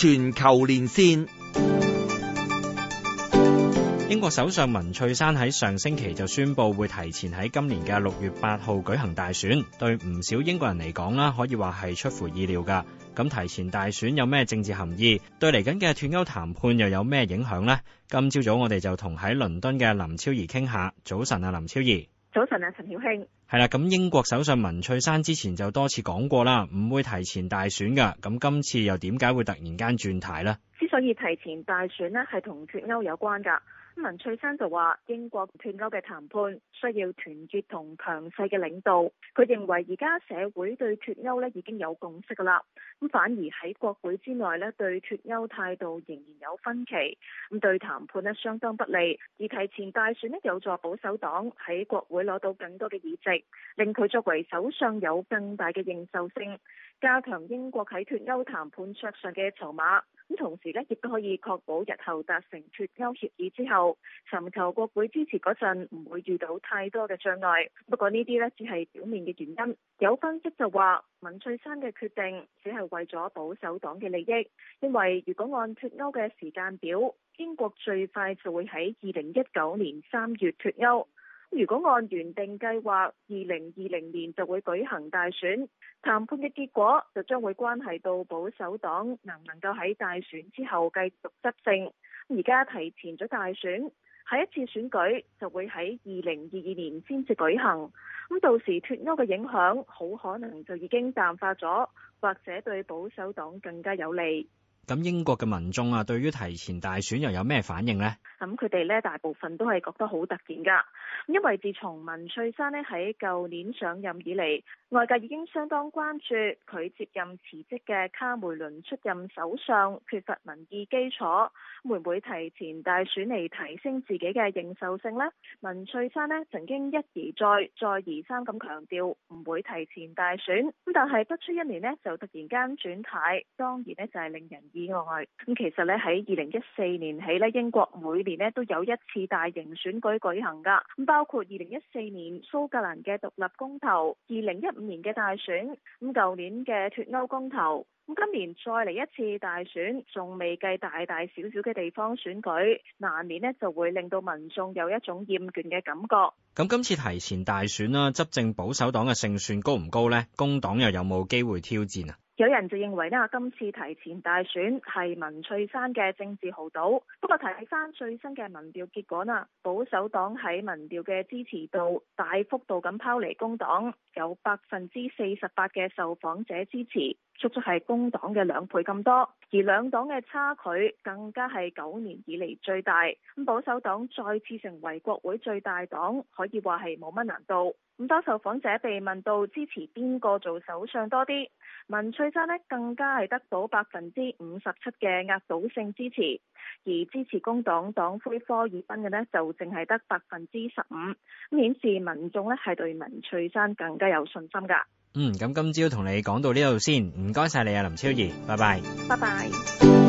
全球連線，英國首相文翠珊喺上星期就宣布會提前喺今年嘅六月八號舉行大選，對唔少英國人嚟講啦，可以話係出乎意料噶。咁提前大選有咩政治含義？對嚟緊嘅脱歐談判又有咩影響呢？今朝早,早我哋就同喺倫敦嘅林昭儀傾下。早晨啊，林昭儀。早晨啊，陳曉慶係啦，咁英國首相文翠珊之前就多次講過啦，唔會提前大選噶，咁今次又點解會突然間轉態呢？之所以提前大選呢，係同脫歐有關噶文翠珊就話：英國脱歐嘅談判需要團結同強勢嘅領導。佢認為而家社會對脱歐咧已經有共識㗎啦，咁反而喺國會之內咧對脱歐態度仍然有分歧，咁對談判咧相當不利。而提前大選咧有助保守黨喺國會攞到更多嘅議席，令佢作為首相有更大嘅認受性，加強英國喺脱歐談判桌上嘅籌碼。咁同時咧，亦都可以確保日後達成脱歐協議之後，尋求國會支持嗰陣唔會遇到太多嘅障礙。不過呢啲呢，只係表面嘅原因。有分析就話，文翠珊嘅決定只係為咗保守黨嘅利益，因為如果按脱歐嘅時間表，英國最快就會喺二零一九年三月脱歐。如果按原定計劃，二零二零年就會舉行大選，談判嘅結果就將會關係到保守黨能唔能夠喺大選之後繼續執政。而家提前咗大選，下一次選舉就會喺二零二二年先至舉行。咁到時脱歐嘅影響好可能就已經淡化咗，或者對保守黨更加有利。咁英國嘅民眾啊，對於提前大選又有咩反應呢？咁佢哋咧大部分都係覺得好突然噶。因為自從文翠珊呢喺舊年上任以嚟，外界已經相當關注佢接任辭職嘅卡梅倫出任首相，缺乏民意基礎，會唔會提前大選嚟提升自己嘅認受性呢？文翠珊呢曾經一而再、再而三咁強調唔會提前大選，咁但係不出一年呢，就突然間轉軚，當然呢，就係令人。以外，咁其實呢喺二零一四年起呢，英國每年呢都有一次大型選舉舉行㗎，咁包括二零一四年蘇格蘭嘅獨立公投，二零一五年嘅大選，咁舊年嘅脫歐公投，咁今年再嚟一次大選，仲未計大大小小嘅地方選舉，難免呢就會令到民眾有一種厭倦嘅感覺。咁今次提前大選啦，執政保守黨嘅勝算高唔高呢？工黨又有冇機會挑戰啊？有人就認為呢，今次提前大選係文翠珊嘅政治豪賭。不過睇翻最新嘅民調結果呢，保守黨喺民調嘅支持度大幅度咁拋離工黨，有百分之四十八嘅受訪者支持。足足係工黨嘅兩倍咁多，而兩黨嘅差距更加係九年以嚟最大。咁保守黨再次成為國會最大黨，可以話係冇乜難度。咁當受訪者被問到支持邊個做首相多啲，文翠珊呢更加係得到百分之五十七嘅壓倒性支持，而支持工黨黨魁科爾賓嘅呢，就淨係得百分之十五。咁顯示民眾呢係對文翠珊更加有信心㗎。嗯，咁今朝同你講到呢度先，唔該晒你啊，林昭儀，拜拜，拜拜。